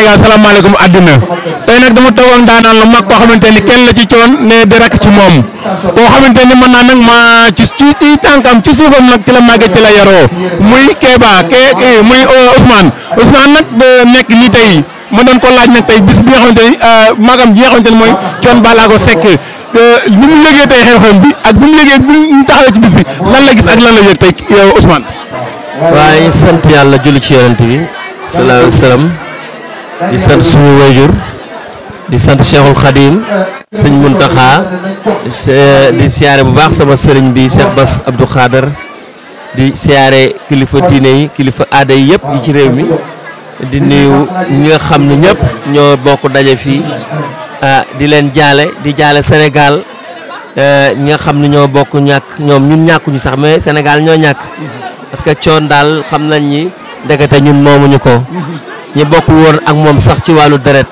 Sénégal salaamaaleykum àddina tey nag dama toog ak daanaan lu mag koo xamante ni kenn la ci coon ne di rakk ci moom koo xamante ni mën naa nag ma ci ci tànkam ci suufam nag ci la màggee ci la yaroo muy Kéba Ké muy euh, Ousmane Ousmane nag nekk nii tey ma doon ko laaj nag tey bis bi nga xamante ni euh, magam bi nga xamante ni mooy coon Balago Seck euh, ni mu yëgee tey xew-xew bi ak bi mu yëgee bi mu taxawee ci bis bi lan la gis ak lan la yëg tey Ousmane. waaye sant yàlla julli ci yonent bi. salaahu alayhi salaam. di sant suñu wayjur di sant Cheikhul Khadim sëñ Muntaxa di siyaare bu baax sama sëriñ bi Cheikh Bass Abdou Khader di siyaare kilifa diine yi kilifa aada yi yëpp yi ci réew mi di nuyu ñi nga xam ni ñëpp ñoo bokk daje fii di leen jaale di jaale senegal ñi nga xam ni ñoo bokk ñàkk ñoom ñun ñàkkuñu sax mais senegal ñoo ñàkk parce que coon daal xam nañ ñi ndekete ñun moomuñu ko ñi bokk woon ak moom sax ci wàllu deret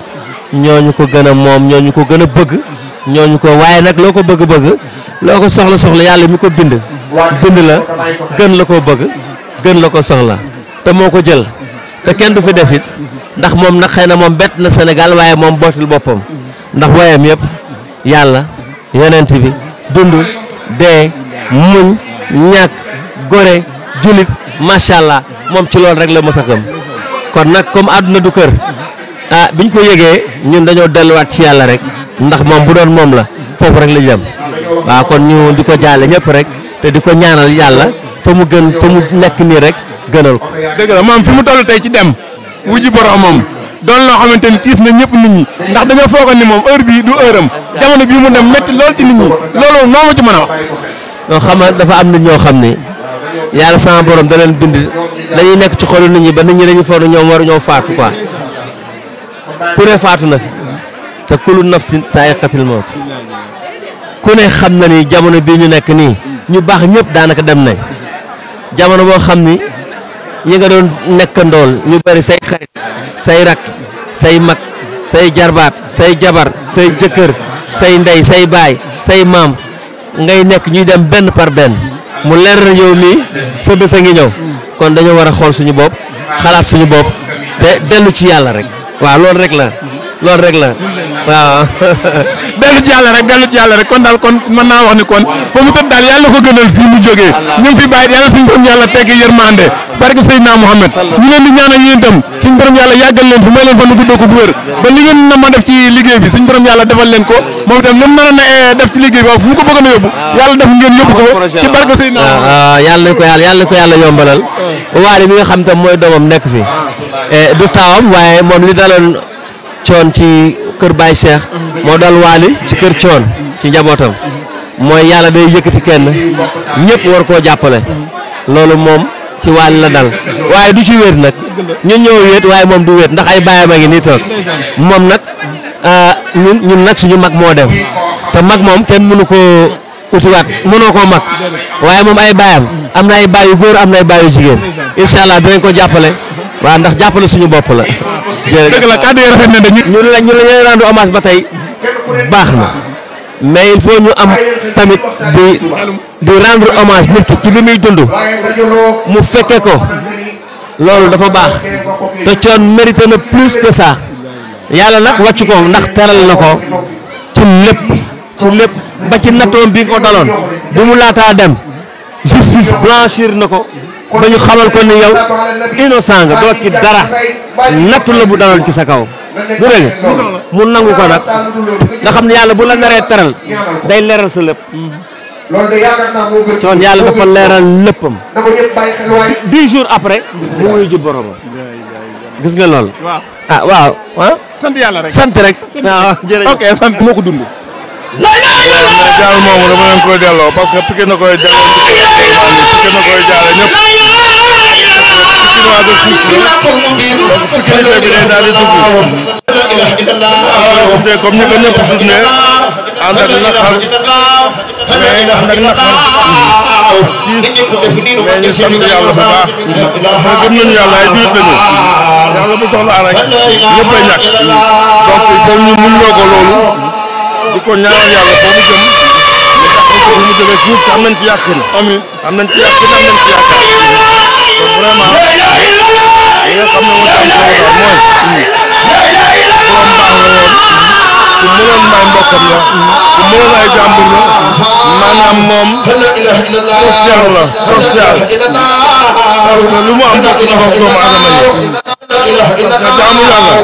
ñooñu ko gën a moom ñoo ñu ko gën a bëgg ñooñu ko waaye nag loo ko bëgg-bëgg loo ko soxla soxla yàlla mi ko bind bind la gën la koo bëgg gën la ko soxla te moo ko jël te kenn du fi des it ndax moom nag xëy na moom bett na Sénégal waaye moom bootul boppam ndax wayam yëpp yàlla yonent bi dund dee muñ ñàkk gore julit macha allah moom ci loolu rek la mës a kon nag comme àdduna du kër ah biñ ko yëgee ñun dañoo delluwaat ci yàlla rek ndax moom bu doon moom la foofu rek la jëm waaw kon ñu di ko jaale ñëpp rek te di ko ñaanal yàlla fa mu gën fa mu nekk nii rek gënal ko. dëgg moom fi mu toll tey ci dem wuji boromam doon loo xamante ni tiis na ñëpp nit ñi ndax dañoo foogoon ni moom heure bii du heure jamono bii mu dem métti lool ci nit ñi loolu noo ma ci mën a wax. non xam dafa am nit ñoo xam ni yàlla sama da dañuy nekk ci xolu nit ñi ba nit ñi dañuy foog ne ñoom waru ñoo faatu quoi ku ne faatu na fi te kullu nafsin saa'iqatul mawt ku ne xam na ni jamono bii ñu nekk nii ñu baax ñëpp daanaka dem nañ jamono moo xam ni ñu nga doon nekkandool ñu bari say xarit say rak say mag say jarbaat say jabar say jëkkër say ndey say baay say maam ngay nekk ñuy dem benn par benn mu leer yow mii sa bés a ngi ñëw kon dañoo war a xool suñu bopp xalaat suñu bopp te dellu ci yàlla rek waaw loolu rek la loolu rek la waaw dellu ci yàlla rek dellu ci yàlla rek kon daal kon mën naa wax ni kon fa mu tëdd daal yàlla ko gënal fii mu jógee ngi fi bàyyi yàlla suñu borom yàlla tegg yërmande barke Seydina Mouhamed ñu leen di ñaanal yéen itam suñu borom yàlla yàggal leen fi may leen fan guddoo ko bu wér ba li ngeen na ma def ci liggéey bi suñu eh, fu mu ko bëgg na yóbbu ah. yàlla def ngeen yóbbu ko ci barke Seydina yàlla ah, ah, ko ko yàlla yombalal waari mi nga xam tam mooy doomam nekk fi eh, du taawam waaye kër Baye Cheikh moo dal waali ci kër coon ci njabootam mooy yàlla day yëkkati kenn ñëpp war koo jàppale loolu moom ci waali la dal waaye du ci wéet nag ñun ñoo wéet waaye moom du wéet ndax ay baayam a ngi nii toog moom nag ah, ñun ñun nag ñu mag moo dem te mag moom kenn mënu koo utiwaat mënoo koo mag waaye moom ay baayam am na ay baay yu góor am na ay baay yu jigéen incha allah jàppale waaw ndax jàppale suñu bopp la. jërëjëf dëgg la kàddu yi na ñu ne la ñu ne la ba tey baax na mais il faut ñu am tamit di di rendre hommage nit ki ci li muy dund mu fekke ko loolu dafa baax te coon na plus que ça yàlla nag wàcc ko ndax teral na ko ci lépp ci lépp ba ci nattoom bi nga ko daloon bu mu laata dem. justice blanchir na ko ba ñu xamal ko ne yow innocent nga doo ci dara nattu la bu daloon ci sa kaw bu dégg mu nangu ko nag nga xam ne yàlla bu la naree teral day leeral sa lépp coon yàlla dafa leeral léppam dix jours après mu wuyu ji boromam gis nga lool ah, ah? yàlla rek sant rek waaw jërëjëf ok sant ko dund jaal moom dama leen koy delloo parce que Pikine na koy delloo Pikine na koy jaale ñëpp Pikinois de suuf la donc Pikine tey bi day daal di dugg comme ni ko ñëpp dund ne ànd ak naqar mais ànd ak naqar tiis mais ñu sant yàlla bu baax parce que gëm nañu yàlla ay jurit lañu yàlla bu soxlaa rek ñëppay ñàkk donc il faut ñu mënuloo ko loolu di ko ñaanal yàlla foo mu jëm. mu tax ko bu mu jógee suuf te am nañ ci yàqin. amiin am nañ ci yàqin am nañ ci yaakaar. kon vraiment li nga xam ne mooy am solo daal mooy. borom baax la woon. ku mënoon may mbokkam la. ku mënoon ay jàmbur la. maanaam moom. social la social. parce que lu mu am bokk na ko doomu aadama yi. nga jaamu yàlla.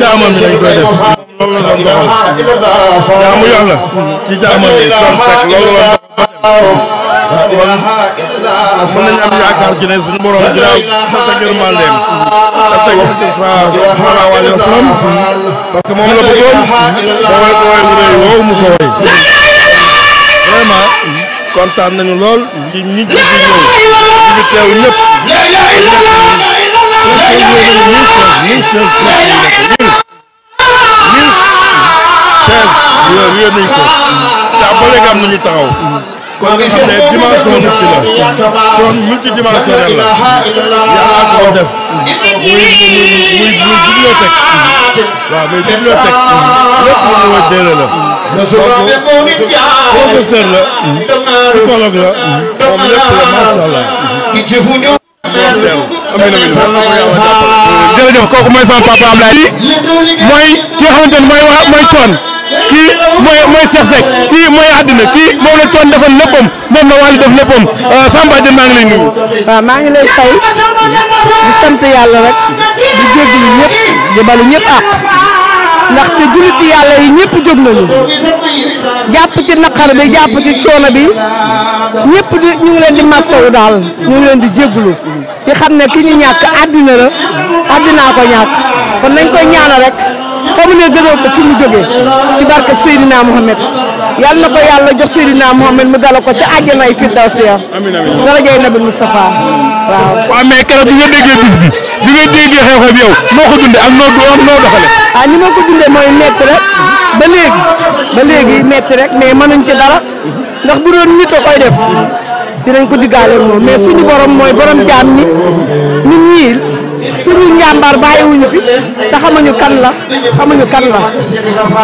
jaamam yi lañ koy def. loolu la doon doxal jaamu yàlla ci jaamu yi doon fekk loolu la doon doxal mën nañu am yaakaar ci ne suñu borom dina tasa yërmandeem tasa sallallahu alayhi wa sallam parce que moom la bëggoon booy booy mu réy woowu mu ko woy vraiment kontaan nañu lool ci nit ñi di ñëw di teew ñëpp. 16. yooyu yooyu nañ ko. te ba léegi am nañu taxaw. kon nga xam ne dimension nit ki la. coon multidimensionnel la. yàlla ko def. muy muy muy bibliothèque. waaw mais bibliothèque. lépp lu ñu téere la. donc professeur la. psychologue la. moom lépp la macha allah. jërëjëf kooku mooy sama papa Ablaye. mooy ki nga xamante ne mooy waa mooy coon. kii mooy mooy Cheikh Seck kii mooy àddina kii moom la toon defal léppam moom la Wally def léppam euh, Samba Diène maa ngi lay nuyu. waaw maa ngi lay fay di sant yàlla rek di jégalu ñëpp di balu ñëpp àq ndaxte jullit yàlla yi ñëpp jóg nañu jàpp ci naqar bi jàpp ci coono bi ñëpp di ñu ngi leen di masawu daal ñu ngi leen di jégalu di xam ne ki ñu ñàkk àddina la àddinaa ko ñàkk kon nañ koy ñaanal rek. fa mu ne gënoo ko fi mu jógee ci barke Seydina Mohamed yal na ko yàlla jox Seydina Mohamed mu dala ko ci àjjanay firdawsi ya darajay Nabi Moustapha waaw. waaw mais keroog bi nga déggee bis bi bi nga déggee xew-xew bi yow noo ko dundee ak noo am noo doxale ah ni ma ko dundee mooy métti rek ba léegi ba léegi métti rek mais mënuñ ci dara ndax bu doon nit a koy def dinañ ko diggaale moom mais suñu borom mooy borom jaam ñi nit ñi. suñu njàmbaar bàyyiwuñu fi te xamuñu kan la xamuñu kan la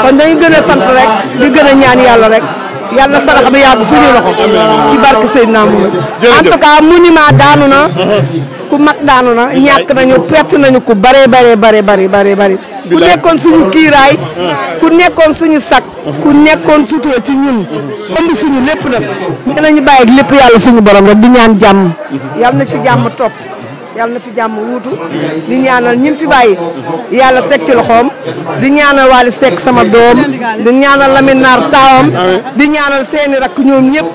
kon dañu gën a sant rek di gën a ñaan yàlla rek yàlla sarax bi yàgg suñu loxo ci barke Seydina Mohamed en tout cas monument daanu na ku mag daanu na ñàkk nañu pett nañu ku bare bare bare bare bare bare ku nekkoon suñu kiiraay ku nekkoon suñu sak ku nekkoon sutura ci ñun ëmb suñu lépp nag nee nañu bàyyi lépp yàlla suñu borom rek du ñaan jàmm yàlla na ci jàmm topp yàlla na fi jàmm wuutu di ñaanal ñi fi bàyyi yàlla teg ci loxoom di ñaanal Wally Seck sama doom di ñaanal Lamine taawam di ñaanal seeni rakk ñoom ñëpp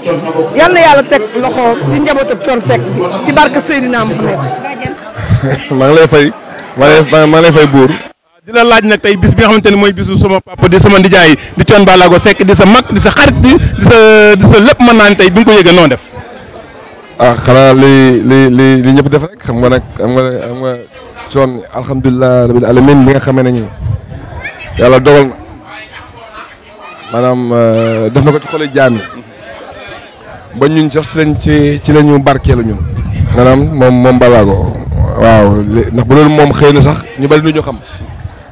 yal yàlla teg loxo ci njabootu Thione Seck bi ci barke Seydina Mohamed. maa ngi lay fay maa ngi lay fay buur. di la laaj nag tey bis bi nga xamante ne mooy bisu sama papa di sama ndijaay di Thione Ballago Seck di sa mag di sa xarit di sa di sa lépp mën naan tey bi nga ko yëgee noo def. ah xanaa li li li li ñëpp def rek xam nga nag xam nga xam nga coon alhamdulilah rabil nga xamee ne nii yàlla dogal na maanaam euh, def na ko ci xolu jaam ba ñu sax ci lañ ci ci la ñu barkeelu ñun. maanaam moom moom balaago waaw ndax bu loolu moom xëy na sax ñu bari nu ñu xam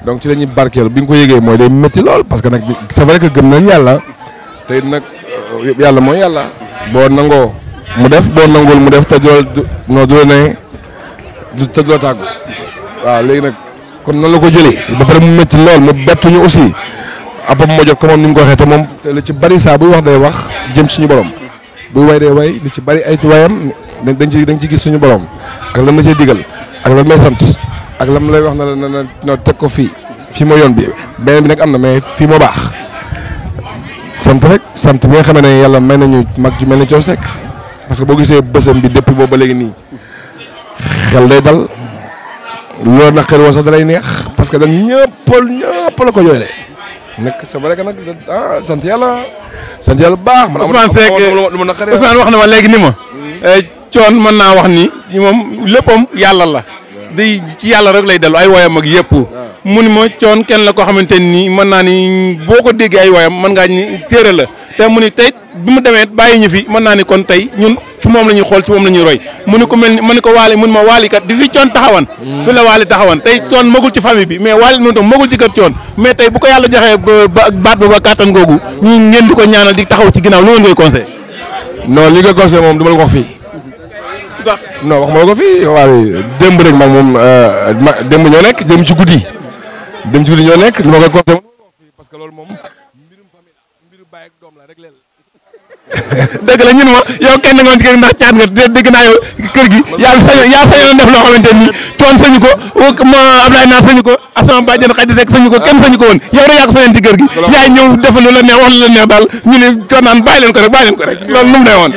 donc ci la ñuy barkeelu bi ñu ko yëgee mooy day métti lool parce que nag c'est vrai que gëm nañ yàlla te it nag yàlla mooy yàlla boo nangoo. mu def boo nangul mu def te du no du la ne du te léegi nag kon nan la ko jëlee ba pare mu métti lool mu bettuñu aussi apam moo jot ko moom ni mu ko waxee te moom te lu ci bari saa buy wax day wax jëm suñu borom buy way day way lu ci bari ay wayam dañ ci dañ ci gis suñu borom ak lan la cay digal ak lan lay sant ak lam lay wax na la na teg ko fii fii moo yoon bi beneen bi nag am na mais fii moo baax sant rek sant bi nga xam ne yàlla may nañu mag ju mel ni Thione Seck parce que boo gisee bësam bi depuis boobu ba léegi nii xel day dal loolu nag xel woo sax dalay neex parce que da ñëpp ñëpp la ko jooyle nag c'est vrai nag ah sant yàlla sant yàlla bu baax. man Ousmane Seck Ousmane wax na ma léegi ni ma. Eh, coon mën naa wax ni moom léppam yàlla la. di ci yàlla rek lay dellu ay woyam ak yëpp. Ah. mu ni ma coon kenn la ko xamante nii mën naa ni boo ko déggee ay woyam mën ngaa ni téere la. te mu ni tey bi mu demee bàyyi ñu fi mën naa ni kon tey ñun ci moom la ñuy xool ci moom la ñuy roy mu ni ko mel ni mu ni ko waali mun ma waali kat di fi coon taxawan mm. fi la waali taxawan tey coon magul ci famille bi mais waali moom tam ko yàlla di taxaw ci ginnaaw loolu ngay conseil non ma ko wax fii no wax ma la ko fii waali démb rek maag moom euh, démb ñoo nekk démb ci guddi démb ci guddi ñoo nekk li ma koy conseil parce loolu moom dëgg la ñun ma yow kenn nga woon ci kër ndax caat nga dégg naa yow kër gi yaa sañ yaa sañoon def loo xamante ni toon sañu ko ma Ablaye naa sañu ko asama bàjjen xaj sek sañu ko kenn sañu ko woon yow rek yaa ko sañoon ci kër gi yaay ñëw defal lu la neex wax lu la neex daal ñu ne coon naan bàyyi leen ko rek bàyyi leen ko rek loolu nu ne woon